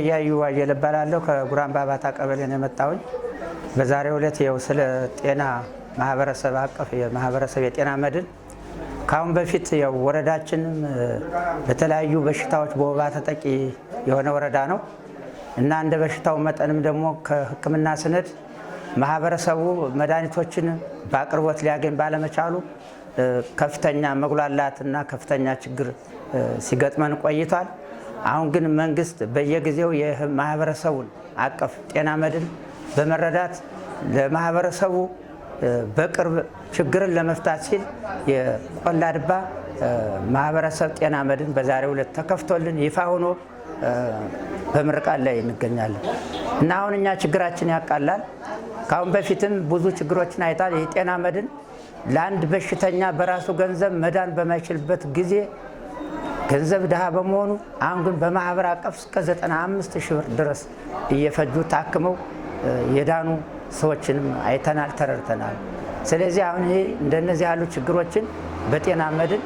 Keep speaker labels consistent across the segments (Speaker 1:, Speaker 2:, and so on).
Speaker 1: እያዩ አየለ እባላለሁ። ከጉራምባ ባታ ቀበሌ ነው የመጣሁኝ። በዛሬው ዕለት ይኸው ስለ ጤና ማህበረሰብ አቀፍ የማህበረሰብ የጤና መድን ከአሁን በፊት ያው ወረዳችንም በተለያዩ በሽታዎች በወባ ተጠቂ የሆነ ወረዳ ነው እና እንደ በሽታው መጠንም ደግሞ ከሕክምና ስነድ ማህበረሰቡ መድኃኒቶችን በአቅርቦት ሊያገኝ ባለመቻሉ ከፍተኛ መጉላላት እና ከፍተኛ ችግር ሲገጥመን ቆይቷል። አሁን ግን መንግስት በየጊዜው የማህበረሰቡን አቀፍ ጤና መድን በመረዳት ለማህበረሰቡ በቅርብ ችግርን ለመፍታት ሲል የቆላድባ ማህበረሰብ ጤና መድን በዛሬው ዕለት ተከፍቶልን ይፋ ሆኖ በምርቃት ላይ እንገኛለን እና አሁን እኛ ችግራችን ያቃላል። ከአሁን በፊትም ብዙ ችግሮችን አይታል። ይህ ጤና መድን ለአንድ በሽተኛ በራሱ ገንዘብ መዳን በማይችልበት ጊዜ ገንዘብ ድሃ በመሆኑ አሁን ግን በማህበር አቀፍ እስከ 95 ሺህ ብር ድረስ እየፈጁ ታክመው የዳኑ ሰዎችንም አይተናል፣ ተረድተናል። ስለዚህ አሁን ይህ እንደነዚህ ያሉ ችግሮችን በጤና መድን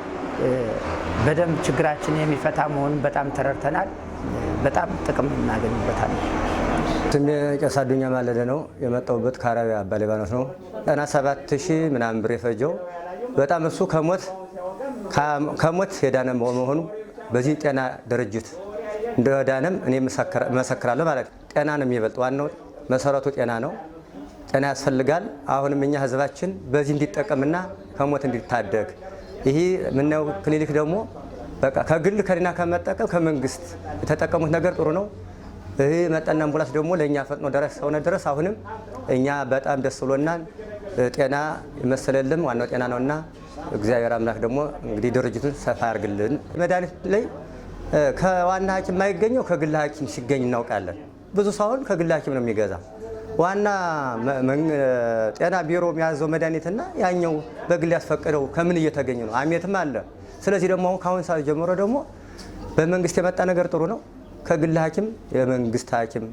Speaker 1: በደንብ ችግራችን የሚፈታ መሆኑን በጣም ተረድተናል። በጣም ጥቅም እናገኝበታል።
Speaker 2: ስሜ ቄስ አዱኛ ማለደ ነው። የመጣሁበት ከአረቢያ አባ ሊባኖስ ነው ጠና ሰባት ሺህ ምናምን ብር የፈጀው በጣም እሱ ከሞት ከሞት የዳነ መሆኑ በዚህ ጤና ድርጅት እንደዳነም እኔ መሰክራለሁ ማለት ነው። ጤና ነው የሚበልጥ ዋናው መሰረቱ ጤና ነው። ጤና ያስፈልጋል። አሁንም እኛ ህዝባችን በዚህ እንዲጠቀምና ከሞት እንዲታደግ ይህ የምናየው ክሊኒክ ደግሞ በቃ ከግል ከዲና ከመጠቀም ከመንግስት የተጠቀሙት ነገር ጥሩ ነው። ይህ መጠን አምቡላንስ ደግሞ ለእኛ ፈጥኖ ደረስ ሰውነ ድረስ አሁንም እኛ በጣም ደስ ብሎናል። ጤና ይመስለልም ዋናው ጤና ነውና እግዚአብሔር አምላክ ደግሞ እንግዲህ ድርጅቱን ሰፋ ያርግልን። መድኃኒት ላይ ከዋና ሐኪም የማይገኘው ከግል ሐኪም ሲገኝ እናውቃለን። ብዙ ሰውን ከግል ሐኪም ነው የሚገዛ። ዋና ጤና ቢሮ የያዘው መድኃኒትና ያኛው በግል ያስፈቀደው ከምን እየተገኘ ነው? አሜትም አለ። ስለዚህ ደግሞ አሁን ከአሁን ሰዓት ጀምሮ ደግሞ በመንግስት የመጣ ነገር ጥሩ ነው። ከግል ሐኪም የመንግስት ሐኪም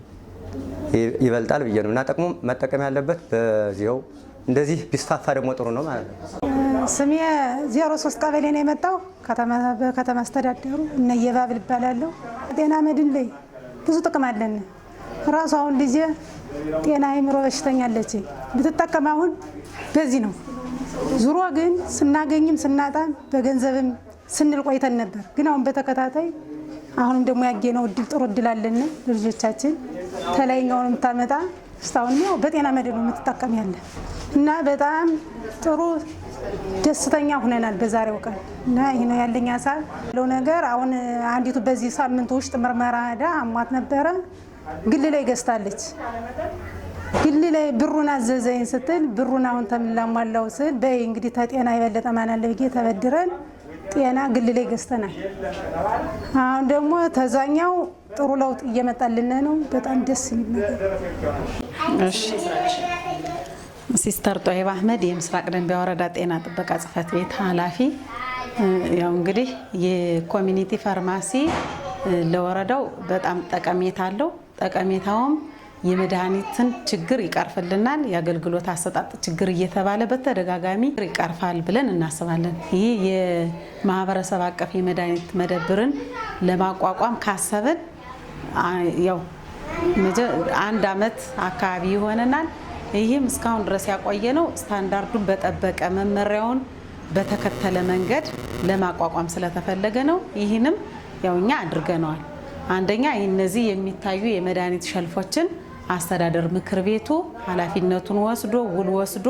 Speaker 2: ይበልጣል ብዬ ነው እና ጠቅሞ መጠቀም ያለበት በዚው እንደዚህ ቢስፋፋ ደግሞ ጥሩ ነው ማለት ነው።
Speaker 3: ስሜ ዜሮ ሶስት ቀበሌ ነው የመጣው። በከተማ አስተዳደሩ እነየባብል ይባላለሁ። ጤና መድን ላይ ብዙ ጥቅም አለን። ራሱ አሁን ልጄ ጤና አይምሮ በሽተኛ አለች ብትጠቀም አሁን በዚህ ነው። ዙሮ ግን ስናገኝም ስናጣም በገንዘብም ስንል ቆይተን ነበር። ግን አሁን በተከታታይ አሁንም ደግሞ ያገነው እድል ጥሩ እድል አለን ለልጆቻችን ተለይኛውን የምታመጣ እስካሁን ያው በጤና መድን ነው የምትጠቀም ያለን እና በጣም ጥሩ ደስተኛ ሁነናል በዛሬው ቀን እና ይህ ነው ያለኝ ሀሳብ ለው ነገር። አሁን አንዲቱ በዚህ ሳምንት ውስጥ ምርመራ ሄዳ አሟት ነበረ። ግል ላይ ገዝታለች። ግል ላይ ብሩን አዘዘኝ ስትል ብሩን አሁን ተምላሟላው ስል በይ እንግዲህ ተጤና የበለጠ ማናለ ብዬ ተበድረን ጤና ግል ላይ ገዝተናል። አሁን ደግሞ ተዛኛው ጥሩ ለውጥ እየመጣልን ነው። በጣም ደስ የሚል ነገር
Speaker 4: ሲስተር ጦይብ አህመድ የምስራቅ ደንቢያ ወረዳ ጤና ጥበቃ ጽህፈት ቤት ኃላፊ። ያው እንግዲህ የኮሚኒቲ ፋርማሲ ለወረዳው በጣም ጠቀሜታ አለው። ጠቀሜታውም የመድኃኒትን ችግር ይቀርፍልናል፣ የአገልግሎት አሰጣጥ ችግር እየተባለ በተደጋጋሚ ይቀርፋል ብለን እናስባለን። ይህ የማህበረሰብ አቀፍ የመድኃኒት መደብርን ለማቋቋም ካሰብን ያው አንድ አመት አካባቢ ይሆነናል። ይህም እስካሁን ድረስ ያቆየ ነው። ስታንዳርዱን በጠበቀ መመሪያውን በተከተለ መንገድ ለማቋቋም ስለተፈለገ ነው። ይህንም ያው እኛ አድርገነዋል። አንደኛ እነዚህ የሚታዩ የመድኃኒት ሸልፎችን አስተዳደር ምክር ቤቱ ኃላፊነቱን ወስዶ ውል ወስዶ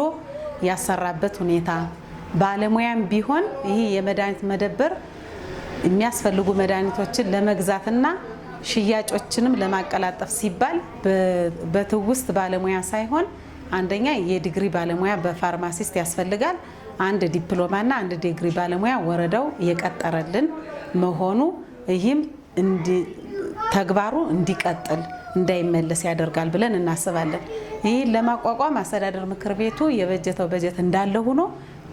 Speaker 4: ያሰራበት ሁኔታ ባለሙያም ቢሆን ይህ የመድኃኒት መደብር የሚያስፈልጉ መድኃኒቶችን ለመግዛትና ሽያጮችንም ለማቀላጠፍ ሲባል በትውስት ባለሙያ ሳይሆን አንደኛ የዲግሪ ባለሙያ በፋርማሲስት ያስፈልጋል። አንድ ዲፕሎማና አንድ ዲግሪ ባለሙያ ወረዳው የቀጠረልን መሆኑ ይህም ተግባሩ እንዲቀጥል እንዳይመለስ ያደርጋል ብለን እናስባለን። ይህን ለማቋቋም አስተዳደር ምክር ቤቱ የበጀተው በጀት እንዳለ ሆኖ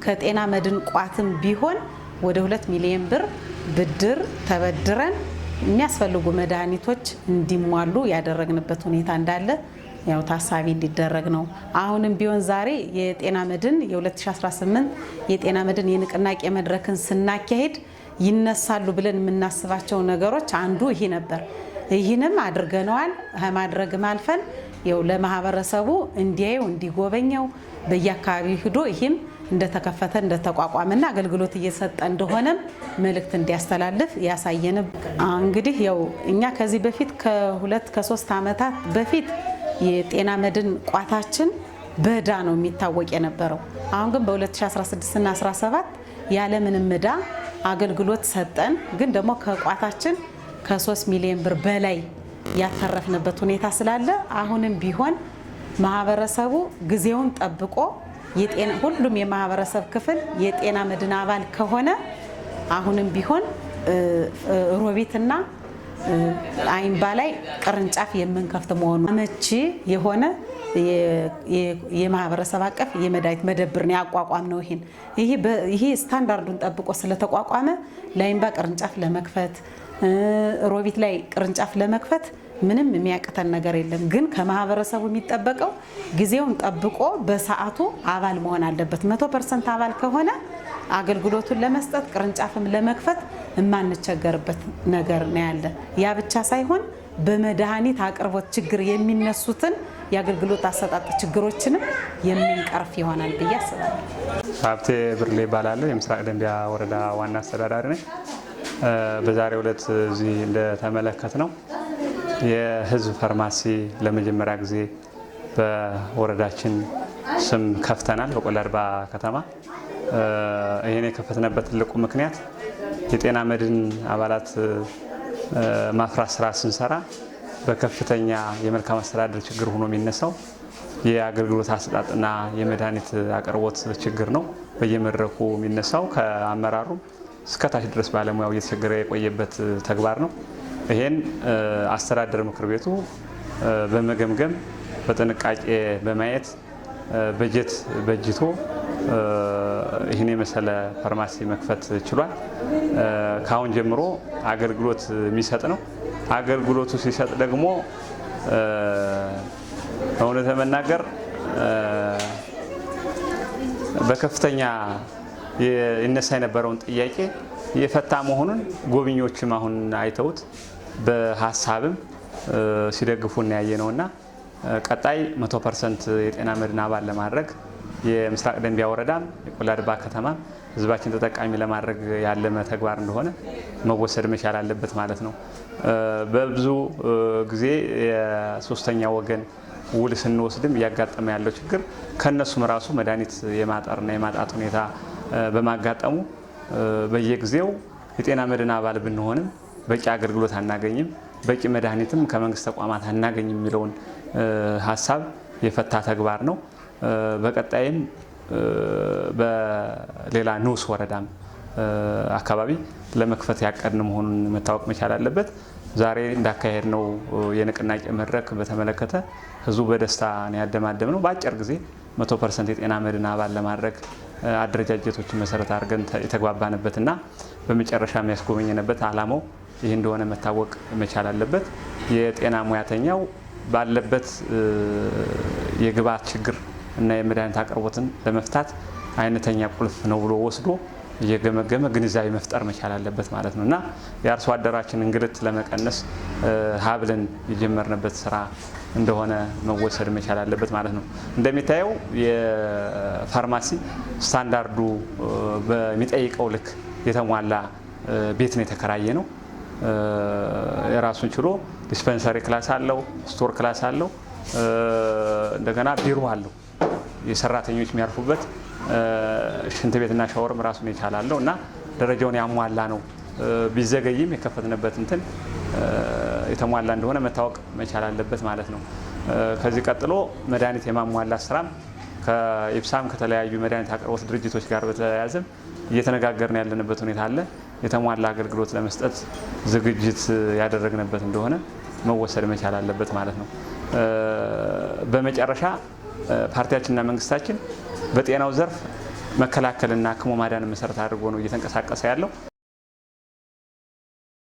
Speaker 4: ከጤና መድን ቋትም ቢሆን ወደ ሁለት ሚሊዮን ብር ብድር ተበድረን የሚያስፈልጉ መድኃኒቶች እንዲሟሉ ያደረግንበት ሁኔታ እንዳለ ያው ታሳቢ እንዲደረግ ነው። አሁንም ቢሆን ዛሬ የጤና መድን የ2018 የጤና መድን የንቅናቄ መድረክን ስናካሄድ ይነሳሉ ብለን የምናስባቸው ነገሮች አንዱ ይሄ ነበር። ይህንም አድርገነዋል። ከማድረግም አልፈን ው ለማህበረሰቡ እንዲያየው እንዲጎበኘው በየአካባቢው ሂዶ ይህም እንደተከፈተ እንደተቋቋመና አገልግሎት እየሰጠ እንደሆነም መልእክት እንዲያስተላልፍ ያሳየንም እንግዲህ ው እኛ ከዚህ በፊት ከሁለት ከሶስት ዓመታት በፊት የጤና መድን ቋታችን በዕዳ ነው የሚታወቅ የነበረው። አሁን ግን በ2016ና 17 ያለምንም ዕዳ አገልግሎት ሰጠን። ግን ደግሞ ከቋታችን ከ3 ሚሊዮን ብር በላይ ያተረፍንበት ሁኔታ ስላለ አሁንም ቢሆን ማህበረሰቡ ጊዜውን ጠብቆ ሁሉም የማህበረሰብ ክፍል የጤና መድን አባል ከሆነ አሁንም ቢሆን ሮቢትና አይን ባላይ ቅርንጫፍ የምንከፍት መሆኑ አመቺ የሆነ የማህበረሰብ አቀፍ የመድኃኒት መደብር ነው ያቋቋም ነው። ይሄን ይሄ ስታንዳርዱን ጠብቆ ስለተቋቋመ ለአይንባ ቅርንጫፍ ለመክፈት ሮቢት ላይ ቅርንጫፍ ለመክፈት ምንም የሚያቅተን ነገር የለም። ግን ከማህበረሰቡ የሚጠበቀው ጊዜውን ጠብቆ በሰዓቱ አባል መሆን አለበት። መቶ ፐርሰንት አባል ከሆነ አገልግሎቱን ለመስጠት ቅርንጫፍም ለመክፈት የማንቸገርበት ነገር ነው ያለ። ያ ብቻ ሳይሆን በመድኃኒት አቅርቦት ችግር የሚነሱትን የአገልግሎት አሰጣጥ ችግሮችንም የምንቀርፍ ይሆናል ብዬ አስባለሁ።
Speaker 5: ሀብቴ ብርሌ እባላለሁ። የምስራቅ ደንቢያ ወረዳ ዋና አስተዳዳሪ ነኝ። በዛሬው ዕለት እዚህ እንደተመለከት ነው የህዝብ ፋርማሲ ለመጀመሪያ ጊዜ በወረዳችን ስም ከፍተናል፣ በቆለርባ ከተማ። ይህን የከፈትነበት ትልቁ ምክንያት የጤና መድን አባላት ማፍራት ስራ ስንሰራ በከፍተኛ የመልካም አስተዳደር ችግር ሆኖ የሚነሳው የአገልግሎት አሰጣጥና የመድኃኒት አቅርቦት ችግር ነው። በየመድረኩ የሚነሳው ከአመራሩ ታች ድረስ ባለሙያው እየተቸገረ የቆየበት ተግባር ነው። ይሄን አስተዳደር ምክር ቤቱ በመገምገም በጥንቃቄ በማየት በጀት በጅቶ ይህን የመሰለ ፋርማሲ መክፈት ችሏል። ከአሁን ጀምሮ አገልግሎት የሚሰጥ ነው። አገልግሎቱ ሲሰጥ ደግሞ እውነት ለመናገር በከፍተኛ ይነሳ የነበረውን ጥያቄ የፈታ መሆኑን ጎብኚዎችም አሁን አይተውት በሀሳብም ሲደግፉ እናያየ ነውና ቀጣይ መቶ ፐርሰንት የጤና መድን አባል ለማድረግ የምስራቅ ደንቢያ ወረዳም ድባ ከተማ ህዝባችን ተጠቃሚ ለማድረግ ያለመ ተግባር እንደሆነ መወሰድ መቻል አለበት ማለት ነው። በብዙ ጊዜ የሶስተኛ ወገን ውል ስንወስድም እያጋጠመ ያለው ችግር ከእነሱም ራሱ መድኃኒት የማጠርና የማጣት ሁኔታ በማጋጠሙ በየጊዜው የጤና መድን አባል ብንሆንም በቂ አገልግሎት አናገኝም፣ በቂ መድኃኒትም ከመንግስት ተቋማት አናገኝም የሚለውን ሀሳብ የፈታ ተግባር ነው። በቀጣይም በሌላ ንዑስ ወረዳም አካባቢ ለመክፈት ያቀድን መሆኑን መታወቅ መቻል አለበት። ዛሬ እንዳካሄድ ነው የንቅናቄ መድረክ በተመለከተ ህዝቡ በደስታ ነው ያደማደም ነው። በአጭር ጊዜ መቶ ፐርሰንት የጤና መድን አባል ለማድረግ አደረጃጀቶችን መሰረት አድርገን የተግባባንበትና በመጨረሻ የሚያስጎበኘንበት አላማው ይህ እንደሆነ መታወቅ መቻል አለበት። የጤና ሙያተኛው ባለበት የግብዓት ችግር እና የመድኃኒት አቅርቦትን ለመፍታት አይነተኛ ቁልፍ ነው ብሎ ወስዶ እየገመገመ ግንዛቤ መፍጠር መቻል አለበት ማለት ነው እና የአርሶ አደራችን እንግልት ለመቀነስ ሀብልን የጀመርንበት ስራ እንደሆነ መወሰድ መቻል አለበት ማለት ነው። እንደሚታየው የፋርማሲ ስታንዳርዱ በሚጠይቀው ልክ የተሟላ ቤት ነው የተከራየ ነው። የራሱን ችሎ ዲስፐንሰሪ ክላስ አለው፣ ስቶር ክላስ አለው፣ እንደገና ቢሮ አለው። የሰራተኞች የሚያርፉበት ሽንት ቤትና ሻወርም ራሱን የቻላለው እና ደረጃውን ያሟላ ነው። ቢዘገይም የከፈትንበት እንትን የተሟላ እንደሆነ መታወቅ መቻል አለበት ማለት ነው። ከዚህ ቀጥሎ መድኃኒት የማሟላት ስራም ከኢፕሳም ከተለያዩ መድኃኒት አቅርቦት ድርጅቶች ጋር በተያያዘ እየተነጋገርን ያለንበት ሁኔታ አለ። የተሟላ አገልግሎት ለመስጠት ዝግጅት ያደረግንበት እንደሆነ መወሰድ መቻል አለበት ማለት ነው። በመጨረሻ ፓርቲያችንና መንግስታችን በጤናው ዘርፍ መከላከልና ክሞ ማዳን መሰረት አድርጎ ነው እየተንቀሳቀሰ ያለው።